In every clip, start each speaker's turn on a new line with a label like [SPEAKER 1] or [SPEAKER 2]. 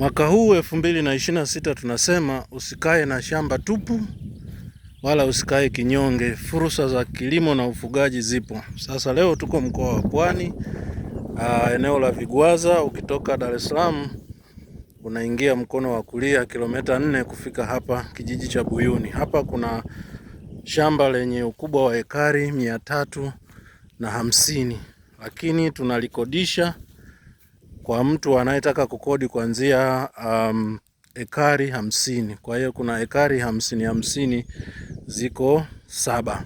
[SPEAKER 1] Mwaka huu elfu mbili na ishirini na sita tunasema usikae na shamba tupu wala usikae kinyonge. Fursa za kilimo na ufugaji zipo. Sasa leo tuko mkoa wa Pwani, eneo la Vigwaza. Ukitoka Dar es Salaam unaingia mkono wa kulia kilomita nne kufika hapa kijiji cha Buyuni. Hapa kuna shamba lenye ukubwa wa ekari mia tatu na hamsini, lakini tunalikodisha kwa mtu anayetaka kukodi kuanzia um, ekari hamsini. Kwa hiyo kuna ekari hamsini hamsini ziko saba.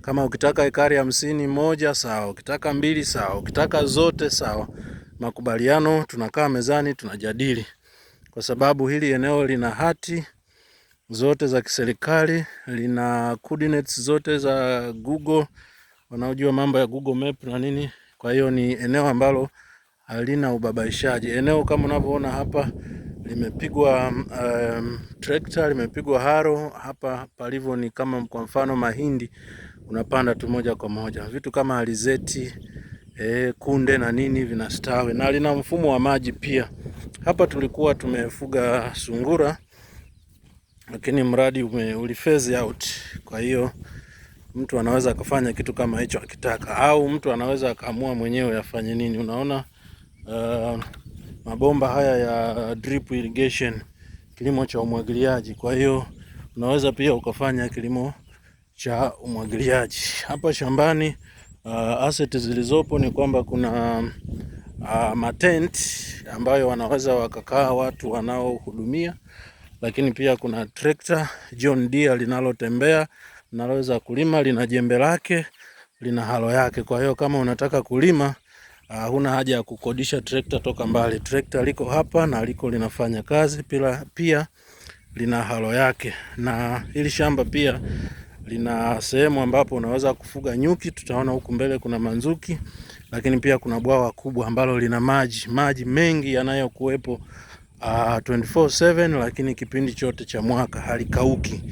[SPEAKER 1] Kama ukitaka ekari hamsini moja sawa, ukitaka mbili sawa, ukitaka zote sawa. Makubaliano tunakaa mezani tunajadili, kwa sababu hili eneo lina hati zote za kiserikali, lina coordinates zote za Google, wanaojua mambo ya Google Map na nini. Kwa hiyo ni eneo ambalo halina ubabaishaji. Eneo kama unavyoona hapa limepigwa um, trekta limepigwa haro. Hapa palivyo ni kama kwa mfano mahindi unapanda tu moja kwa moja, vitu kama alizeti e, kunde na nini vinastawi, na lina mfumo wa maji pia. Hapa tulikuwa tumefuga sungura, lakini mradi ume, ulifezi out, kwa hiyo mtu anaweza akafanya kitu kama hicho akitaka, au mtu anaweza akaamua mwenyewe afanye nini. Unaona uh, mabomba haya ya drip irrigation, kilimo cha umwagiliaji. Kwa hiyo unaweza pia ukafanya kilimo cha umwagiliaji hapa shambani. Uh, asset zilizopo ni kwamba kuna uh, matent ambayo wanaweza wakakaa watu wanaohudumia, lakini pia kuna trekta John Deere linalotembea linaloweza kulima, lina jembe lake, lina halo yake. Kwa hiyo kama unataka kulima Uh, huna haja ya kukodisha trekta toka mbali. Trekta liko hapa na liko linafanya kazi pila, pia lina halo yake, na hili shamba pia lina sehemu ambapo unaweza kufuga nyuki. Tutaona huku mbele kuna manzuki, lakini pia kuna bwawa kubwa ambalo lina maji maji mengi yanayokuwepo uh, ah, 24/7 lakini kipindi chote cha mwaka halikauki.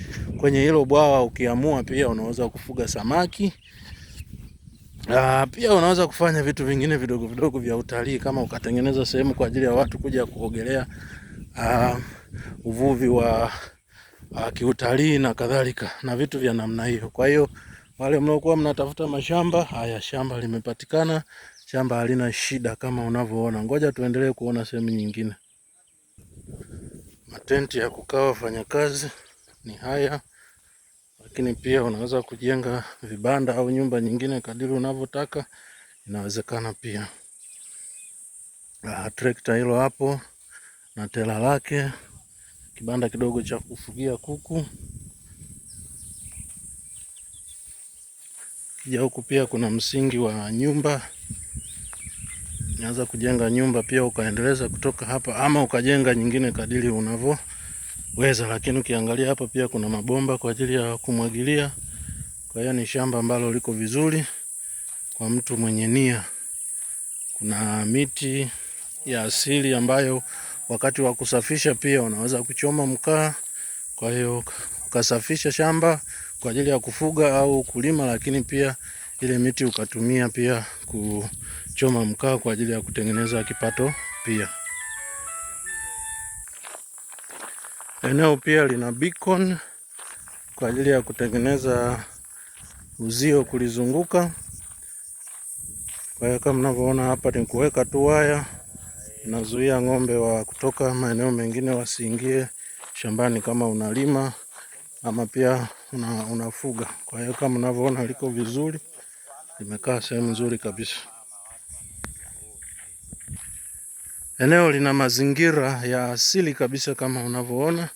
[SPEAKER 1] Kwenye hilo bwawa ukiamua, pia unaweza kufuga samaki Uh, pia unaweza kufanya vitu vingine vidogo vidogo vya utalii kama ukatengeneza sehemu kwa ajili ya watu kuja kuogelea, uh, uvuvi wa uh, kiutalii na kadhalika na vitu vya namna hiyo. Kwa hiyo wale mnaokuwa mnatafuta mashamba haya, shamba limepatikana, shamba halina shida kama unavyoona. Ngoja tuendelee kuona sehemu nyingine. Matenti ya kukaa wafanyakazi ni haya lakini pia unaweza kujenga vibanda au nyumba nyingine kadiri unavyotaka, inawezekana pia. Ah, trekta hilo hapo na tela lake, kibanda kidogo cha kufugia kuku. Kija huku pia kuna msingi wa nyumba unaweza kujenga nyumba pia ukaendeleza kutoka hapa, ama ukajenga nyingine kadiri unavyo weza, lakini ukiangalia hapa pia kuna mabomba kwa ajili ya kumwagilia. Kwa hiyo ni shamba ambalo liko vizuri kwa mtu mwenye nia. Kuna miti ya asili ambayo wakati wa kusafisha pia unaweza kuchoma mkaa, kwa hiyo ukasafisha shamba kwa ajili ya kufuga au kulima, lakini pia ile miti ukatumia pia kuchoma mkaa kwa ajili ya kutengeneza kipato pia. Eneo pia lina beacon kwa ajili ya kutengeneza uzio kulizunguka. Kwa hiyo kama mnavyoona hapa ni kuweka tu waya, inazuia ng'ombe wa kutoka maeneo mengine wasiingie shambani kama unalima ama pia una, unafuga. Kwa hiyo kama mnavyoona liko vizuri, limekaa sehemu nzuri kabisa. Eneo lina mazingira ya asili kabisa kama unavyoona.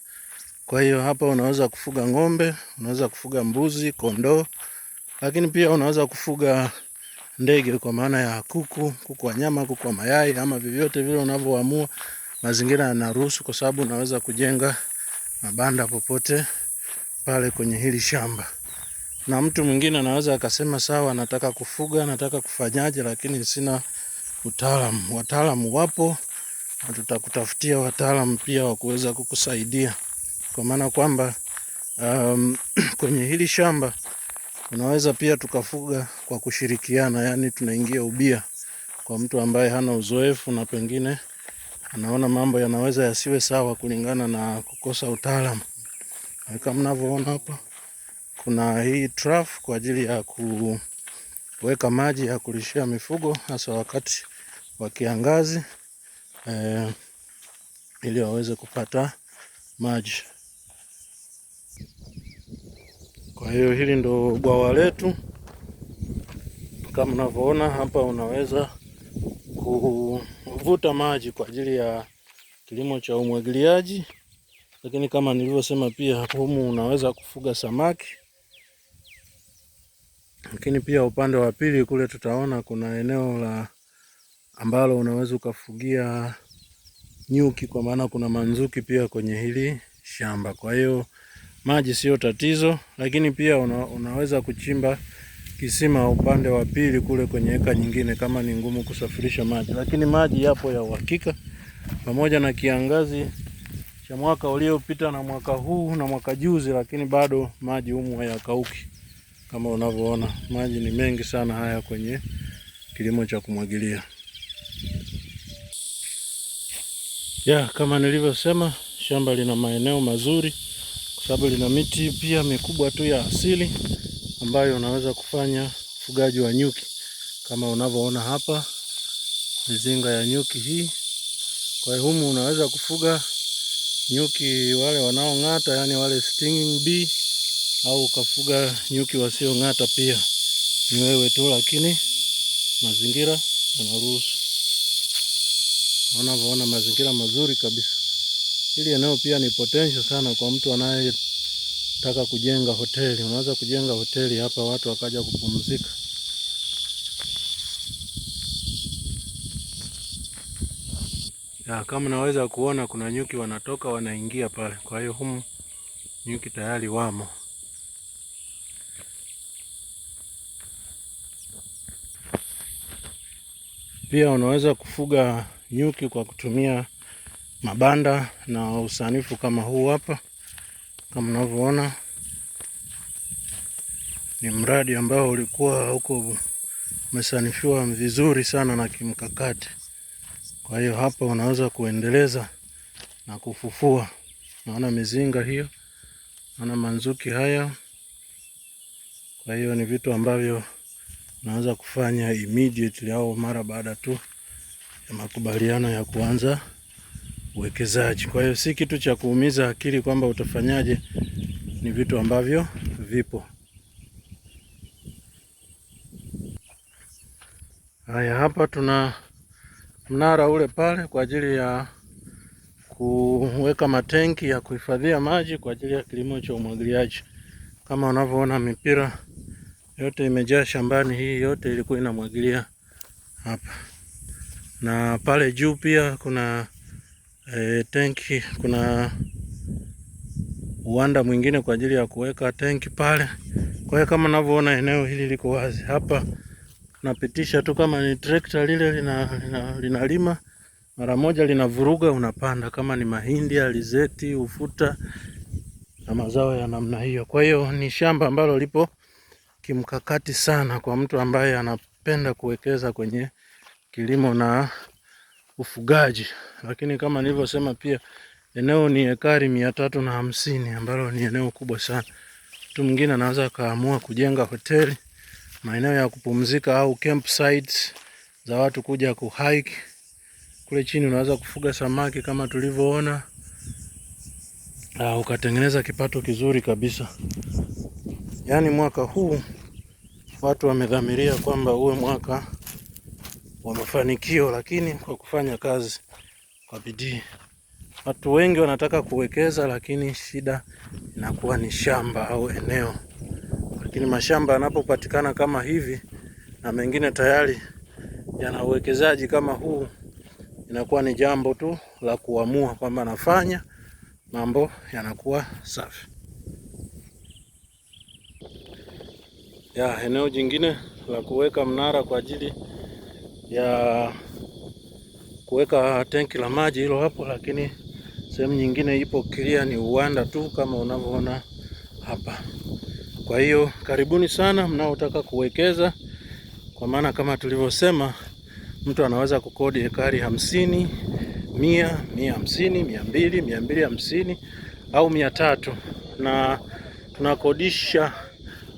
[SPEAKER 1] Kwa hiyo hapa unaweza kufuga ng'ombe, unaweza kufuga mbuzi, kondoo, lakini pia unaweza kufuga ndege kwa maana ya kuku, kuku wa nyama, kuku wa mayai ama vyovyote vile unavyoamua. Mazingira yanaruhusu kwa sababu unaweza kujenga mabanda popote pale kwenye hili shamba. Na mtu mwingine anaweza akasema sawa, nataka kufuga, nataka kufanyaje, lakini sina utaalamu. Wataalamu wapo na tutakutafutia wataalamu pia wa kuweza kukusaidia, kwa maana kwamba um, kwenye hili shamba unaweza pia tukafuga kwa kushirikiana, yani tunaingia ubia kwa mtu ambaye hana uzoefu na pengine anaona mambo yanaweza yasiwe sawa kulingana na kukosa utaalamu. Kama mnavyoona hapa, kuna hii trough kwa ajili ya kuweka maji ya kulishia mifugo hasa wakati wa kiangazi eh, ili waweze kupata maji. Kwa hiyo hili ndo bwawa letu kama unavyoona hapa, unaweza kuvuta maji kwa ajili ya kilimo cha umwagiliaji, lakini kama nilivyosema pia humu unaweza kufuga samaki. Lakini pia upande wa pili kule tutaona kuna eneo la ambalo unaweza ukafugia nyuki, kwa maana kuna manzuki pia kwenye hili shamba. Kwa hiyo maji sio tatizo, lakini pia una, unaweza kuchimba kisima upande wa pili kule kwenye eka nyingine, kama ni ngumu kusafirisha maji, lakini maji yapo ya uhakika. Pamoja na kiangazi cha mwaka uliopita na mwaka huu na mwaka juzi, lakini bado maji humu hayakauki. Kama unavyoona maji ni mengi sana haya kwenye kilimo cha kumwagilia. ya kama nilivyosema, shamba lina maeneo mazuri kwa sababu lina miti pia mikubwa tu ya asili ambayo unaweza kufanya ufugaji wa nyuki kama unavyoona hapa, mizinga ya nyuki hii. Kwa hiyo humu unaweza kufuga nyuki wale wanaong'ata, yani wale stinging bee, au ukafuga nyuki wasiong'ata pia, ni wewe tu, lakini mazingira yanaruhusu unavyoona mazingira mazuri kabisa. Hili eneo pia ni potential sana kwa mtu anayetaka kujenga hoteli. Unaweza kujenga hoteli hapa, watu wakaja kupumzika. Ya, kama naweza kuona kuna nyuki wanatoka wanaingia pale, kwa hiyo humu nyuki tayari wamo. Pia unaweza kufuga nyuki kwa kutumia mabanda na usanifu kama huu hapa. Kama mnavyoona, ni mradi ambao ulikuwa huko umesanifiwa vizuri sana na kimkakati. Kwa hiyo hapa unaweza kuendeleza na kufufua. Naona mizinga hiyo, naona manzuki haya. Kwa hiyo ni vitu ambavyo unaweza kufanya immediately au mara baada tu makubaliano ya kuanza uwekezaji. Kwa hiyo si kitu cha kuumiza akili kwamba utafanyaje, ni vitu ambavyo vipo. Haya, hapa tuna mnara ule pale kwa ajili ya kuweka matenki ya kuhifadhia maji kwa ajili ya kilimo cha umwagiliaji. Kama unavyoona mipira yote imejaa shambani, hii yote ilikuwa inamwagilia hapa na pale juu pia kuna e, tenki, kuna uwanda mwingine kwa ajili ya kuweka tenki pale. Kwa hiyo kama unavyoona eneo hili liko wazi hapa, napitisha tu kama ni trekta lile linalima lina, lina mara moja linavuruga, unapanda kama ni mahindi, alizeti, ufuta na mazao ya namna hiyo. Kwa hiyo ni shamba ambalo lipo kimkakati sana kwa mtu ambaye anapenda kuwekeza kwenye kilimo na ufugaji, lakini kama nilivyosema pia eneo ni ekari mia tatu na hamsini ambalo ni eneo kubwa sana. Mtu mwingine anaweza akaamua kujenga hoteli, maeneo ya kupumzika au campsites za watu kuja kuhike. Kule chini unaweza kufuga samaki kama tulivyoona, ukatengeneza kipato kizuri kabisa. Yaani mwaka huu watu wamedhamiria kwamba uwe mwaka wa mafanikio, lakini kwa kufanya kazi kwa bidii. Watu wengi wanataka kuwekeza, lakini shida inakuwa ni shamba au eneo. Lakini mashamba yanapopatikana kama hivi na mengine tayari yana uwekezaji kama huu, inakuwa ni jambo tu la kuamua kwamba nafanya, mambo yanakuwa safi. Ya, eneo jingine la kuweka mnara kwa ajili ya kuweka tenki la maji hilo hapo, lakini sehemu nyingine ipo clear, ni uwanda tu kama unavyoona hapa. Kwa hiyo karibuni sana mnaotaka kuwekeza, kwa maana kama tulivyosema, mtu anaweza kukodi ekari hamsini, mia, mia hamsini, mia mbili, mia mbili hamsini au mia tatu na tunakodisha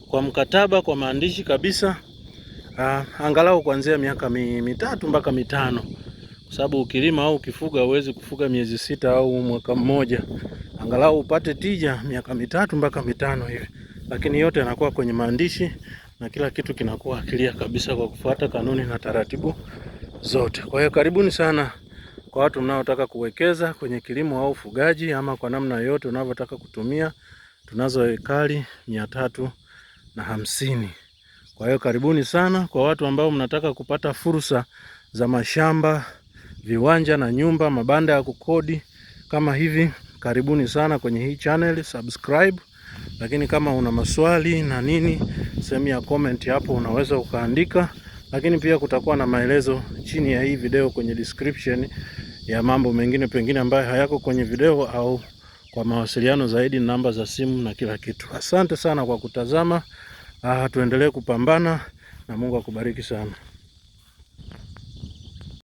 [SPEAKER 1] kwa mkataba, kwa maandishi kabisa uh, angalau kuanzia miaka mitatu mpaka mitano, kwa sababu ukilima au ukifuga huwezi kufuga miezi sita au mwaka mmoja. Angalau upate tija miaka mitatu mpaka mitano hivi, lakini yote yanakuwa kwenye maandishi na kila kitu kinakuwa akilia kabisa kwa kufuata kanuni na taratibu zote. Kwa hiyo karibuni sana kwa watu mnaotaka kuwekeza kwenye kilimo au ufugaji ama kwa namna yote unavyotaka kutumia. Tunazo ekari mia tatu na hamsini. Kwa hiyo karibuni sana kwa watu ambao mnataka kupata fursa za mashamba, viwanja na nyumba, mabanda ya kukodi kama hivi. Karibuni sana kwenye hii channel, subscribe. Lakini kama una maswali na nini, sehemu ya comment hapo unaweza ukaandika, lakini pia kutakuwa na maelezo chini ya hii video kwenye description ya mambo mengine pengine ambayo hayako kwenye video au kwa mawasiliano zaidi, namba za simu na kila kitu. Asante sana kwa kutazama. Ah, tuendelee kupambana na Mungu akubariki sana.